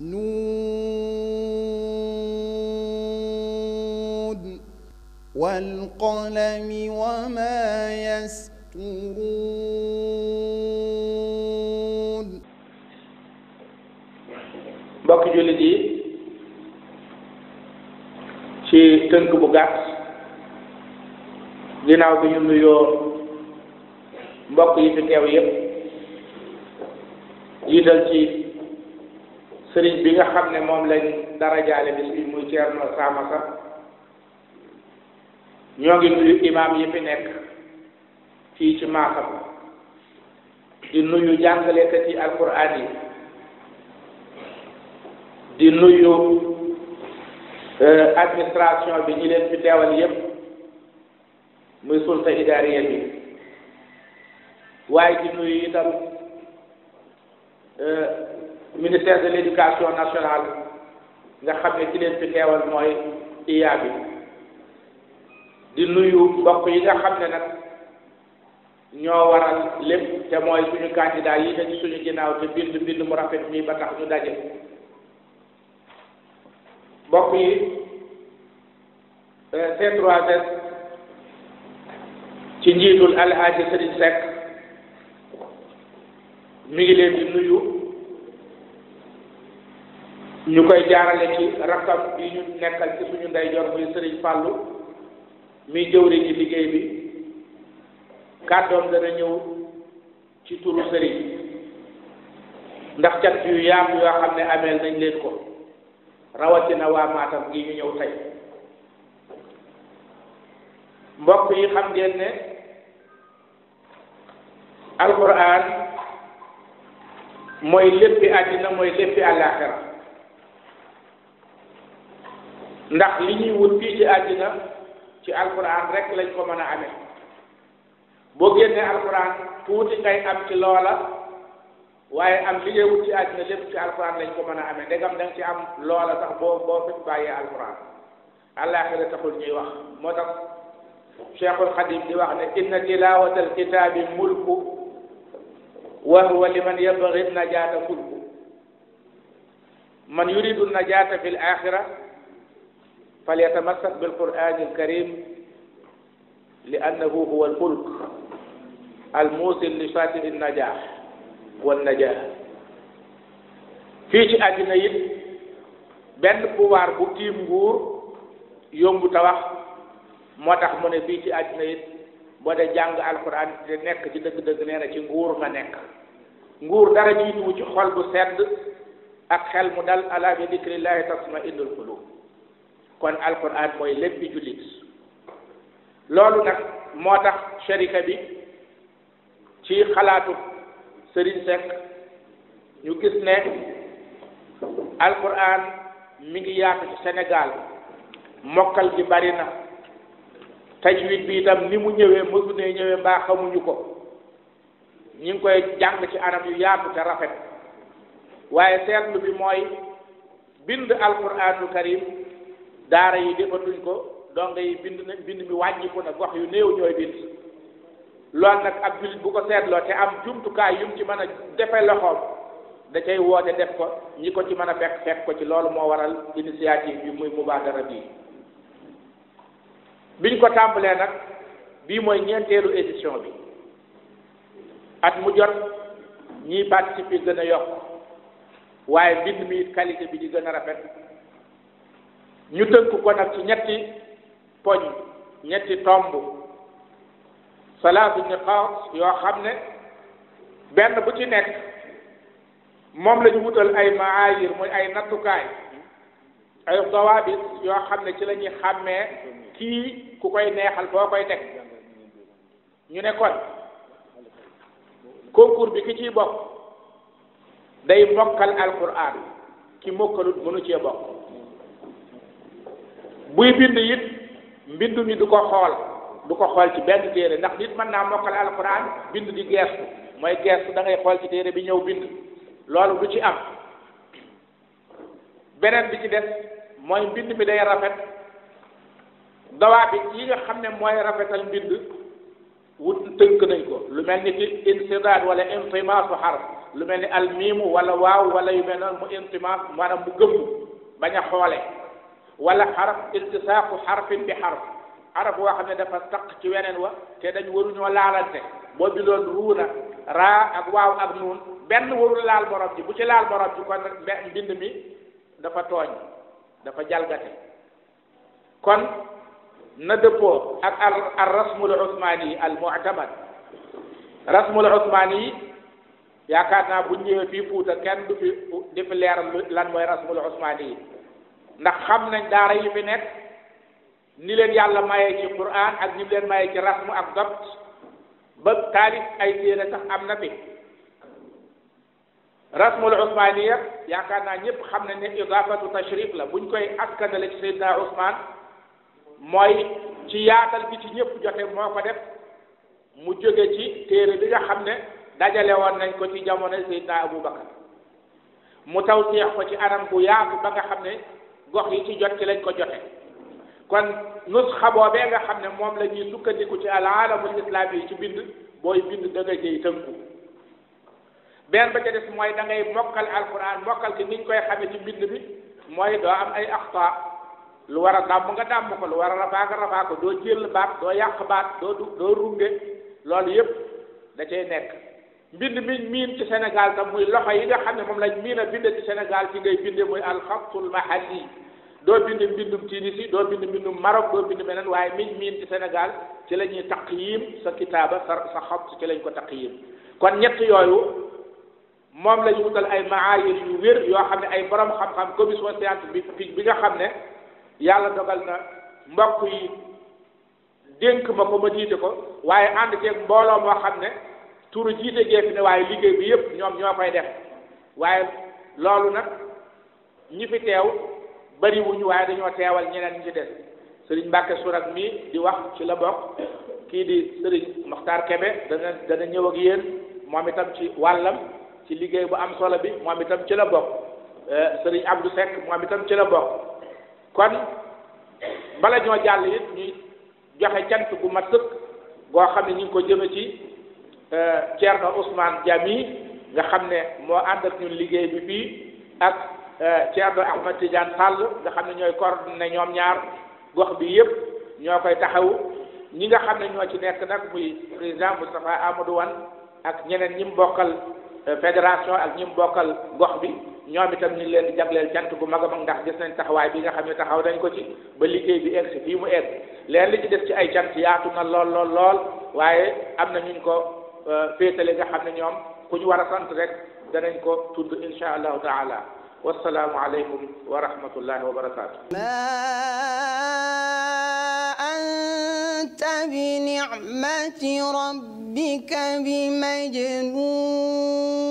نون والقلم وما يسطرون mbokk jullit yi ci tënk bu gàtt ginnaaw bi ñu nuyoo mbokk yi fi teew yépp jiital ci sëriñ bi nga xam ne moom lañ dara jaale bis bi muy Ceerno Samassa ñoo ngi nuyu imaam yi fi nekk fii ci maasam di nuyu jàngalekat yi alquran yi di nuyu euh, administration bi ñu leen fi teewal yépp muy sulta idaariya bi waaye di nuyu itam euh, ministère de l' nationale nga xam ne ci leen fi teewal mooy iya bi di nuyu mbokk yi nga xam ne nag ñoo waral lépp te mooy suñu candidat yi dañ suñu ginnaaw te bind bind mu rafet mi ba tax ñu daje mbokk yi euh, c 3 ci njiitul Alhaaji Sëriñ Seck mi ngi leen di nuyu ñu koy jaarale ci rakkam bi ñu nekkal ci suñu ndeyjoor muy sëriñ fàllu mi jëwri ci liggéey bi kàddoom dana ñëw ci turu sëriñ ndax cat yu yaam yoo xam ne ameel nañ leen ko rawatina waa maatam gi ñu ñëw tey mbokk yi xam ngeen ne alquran mooy léppi àddina mooy léppi àllaaxira ndax li ñuy wut fii ci àddina ci alquran rek lañ ko mën a amee boo génnee alquran tuuti ngay am ci loola waaye am li ngay wut ci àddina lépp ci alquran lañ ko mën a amee ndegam da nga ci am loola sax boo boo fi bàyyee alquran àllaaxira taxul ñuy wax moo tax cheikhul xadim di wax ne inna tilawata alkitaabi mulku wa huwa liman yabghi najaata kulku man yuridu najaata fi l فليتمسك بالقرآن الكريم لأنه هو الفلك الموصل لشاطئ النجاح والنجاح fii ci àddina it benn pouvoir bu tiim nguur yombu wax moo tax mu ne fii ci àddina it boo dee jàng alxuraan te nekk ci dëgg-dëgg nee na ci nguur ma nekk nguur dara jiituwu ci xol bu sedd ak xel mu dal alaa bi dikrillahi tasma innul kon alquran mooy léppi jullit loolu nag moo tax sharika bi ci xalaatu Serigne Seck ñu gis ne alquran mi ngi yaatu ci Sénégal mokkal gi bari na tajwid bi itam ni mu ñëwee mësu ñëwee mbaa xamuñu ko ñu ngi koy jàng ci anam yu yaatu te rafet waaye seetlu bi mooy bind alquranul karim daara yi defatuñ ko donga yi bind na bind mi wàññiku na gox yu néew ñooy bind loolu nag ak jullit bu ko seetloo te am jumtukaay yum ci man a defe loxoom da cay woote def ko ñi ko ci mën a fekk fekk ko ci loolu moo waral initiative bi muy mubaadara bii biñ ko tàmbalee nag bii mooy ñeenteelu édition bi at mu jot ñiy participer gën a yokk waaye mbind mi it qualité bi di gën a rabet ñu tënk ko nag ci ñetti poñ ñetti tomb salaatu niqaas yoo xam ne benn bu ci nekk moom la wutal ay maayir muy ay nattukaay ay dawaabit yoo xam ne ci la ñuy xàmmee kii ku koy neexal foo koy teg ñu ne kon concours bi ki ciy bokk day mokkal alquran ki mokkalut mënu cee bokk buy bind it mbind mi du ko xool du ko xool ci benn téere ndax nit mën naa mokkal alquran bind di geestu mooy geestu da xool ci téere bi ñëw bind loolu du ci am beneen bi ci des mooy bind mi day rafet dawaa bi yi nga xam ne mooy rafetal mbind wut tënk nañ ko lu mel ni ci insidaad wala intimaasu xarf lu mel ni almiimu wala waaw wala yu mel noonu mu intimaas maanaam mu gëmm bañ a xoole wala xaraf iltisaaqu xarfin bi xarf xaraf woo xam ne dafa taq ci weneen wa te dañ waruñoo laalante boo bindoon ruuna raa ak waaw ak nuun benn warul laal borom ji bu ci laal borom ji kon mbind mi dafa tooñ dafa jalgate kon na dëppoo ak al al rasmul usmaani al mu'tamad rasmul usmaani yi yaakaar naa bu ñëwee fii Fuuta kenn du fi di fi leeral lan mooy rasmul usmaani yi ndax xam nañ daara yi fi nekk ni leen yàlla mayee ci quran ak ni mu leen mayee ci rasmu ak dopt ba taalif ay sax am na fi rasmul usmaniya yaakaar naa ñëpp xam nañ ne idafatu tashrif la buñ koy askanale ci seydina Ousmane mooy ci yaatal bi ci ñëpp jote moo ko def mu jóge ci téere bi nga xam ne dajale woon nañ ko ci jamono seydina Aboubacar mu tawseex ko ci anam bu yaatu ba nga xam ne gox yi ci jot ci lañ ko jote kon nusxa boobee nga xam ne moom lañuy ñuy sukkandiku ci al alamul islami yi ci bind booy bind da nga jëy tënku benn ba ca des mooy dangay ngay mokkal alquran mokkal ki niñ koy xamee ci bind bi mooy doo am ay axta lu war a dàmm nga dàmm ko lu war a rabaa nga ko doo jël baat doo yàq baat doo doo runge loolu yépp da cay nekk mbind miñ miin ci Sénégal tam muy loxo yi nga xam ne moom lañ miin a bind ci Sénégal ci ngay binde muy alxatul mahalli doo bind mbindum Tunisie doo bind mbindum Maroc doo bind meneen waaye miñ miin ci Sénégal ci lañuy ñuy taqyim sa kitaaba sa sa ci lañ ko taqyim kon ñett yooyu moom la ñu wutal ay maayir yu wér yoo xam ne ay borom xam-xam commission scientifique bi nga xam ne yàlla dogal na mbokk yi dénk ma ko ma jiite ko waaye ànd ceeg mbooloo moo ne turu jiite gee fi ne waaye liggéey bi yëpp ñoom ñoo koy def waaye loolu nag ñi fi teew bariwuñ waaye dañoo teewal ñeneen ñi ci des sëriñ Mbàkke Surak mii di wax ci la bokk kii di sëriñ Moxtaar Kebe dana dana ñëw ak yéen moom itam ci wàllam ci liggéey bu am solo bi moom itam ci la bokk euh, sëriñ Abdou Seck moom itam ci la bokk kon bala ñoo jàll it ñuy joxe cant gu mat sëkk goo xam ne ñu ngi ko jëme ci Euh, Thierno Ousmane Diamy nga xam ne moo ànd ak ñun liggéey bi fii ak euh, Thierno Ahmad Tidiane Sall nga xam ne ñooy coordonné ñoom ñaar gox bi yëpp ñoo koy taxaw ñi nga xam ne ñoo ci nekk nag muy président Moustapha Amadou wan ak ñeneen ñi mu bokkal euh, fédération ak ñi mu bokkal gox bi ñoom itam ñu leen di jagleel cant bu mag a mag ndax gis nañ taxawaay bi nga xam ne taxaw nañ ko ci ba liggéey bi egg si fii mu egg leen li ci def ci ay jant yaatu na lool lool lool waaye am féetale nga xam ne ñoom ku ñu war a sant rek danañ ko tudd insha allahu taala wasalaamu aleykum wa rahmatullahi wa barakaatu ma anta bi ni'mati rabbika bi majnun